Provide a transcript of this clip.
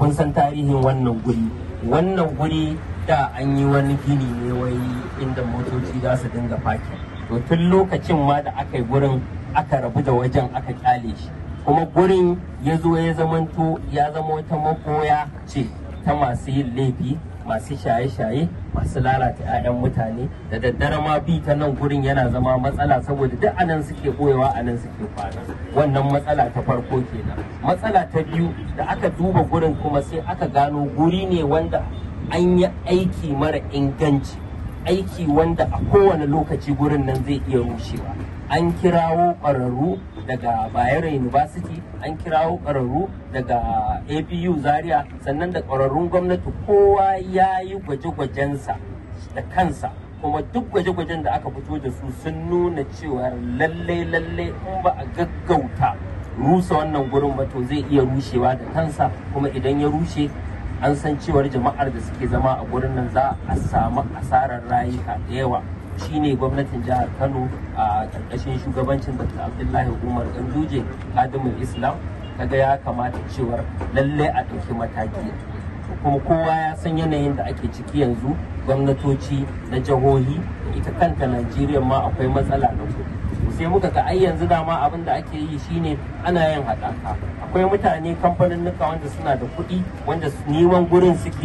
kun san tarihin wannan guri wannan guri da an yi wani gini ne wai inda motoci za su dinga fakin to tun lokacin ma da aka yi gurin aka rabu da wajen aka kyale shi kuma gurin ya zo ya zamanto ya zama wata makoya ce ta masu yin laifi masu shaye-shaye masu lalata 'ya'yan mutane da daddare ma bi ta nan gurin yana zama matsala saboda duk anan suke boyewa anan suke kwana wannan matsala ta farko kenan matsala ta biyu da aka duba gurin kuma sai aka gano guri ne wanda an yi aiki mara inganci aiki wanda a kowane lokaci gurin nan zai iya rushewa an kirawo ƙwararru daga bayero university an kirawo ƙwararru daga apu zaria sannan da ƙwararrun gwamnati kowa ya yi gwaje-gwajensa da kansa kuma duk gwaje-gwajen da aka fito da su sun nuna cewa lalle-lalle in ba a gaggauta rusa wannan gurin ba to zai iya rushewa da kansa kuma idan ya rushe an san cewar jama'ar da suke zama a gurin nan za a samu asarar rayuka da yawa shine gwamnatin jihar kano a ƙarƙashin shugabancin dr abdullahi umar ganduje kadimul islam kaga ya kamata cewar lalle a ɗauki mataki kuma kowa ya san yanayin da ake ciki yanzu gwamnatoci na jihohi ita kanta najeriya ma akwai matsala da sai muka ga ai yanzu dama abin da ake yi shine ana yin haɗaka akwai mutane kamfanin nuka wanda suna da kuɗi wanda neman gurin suke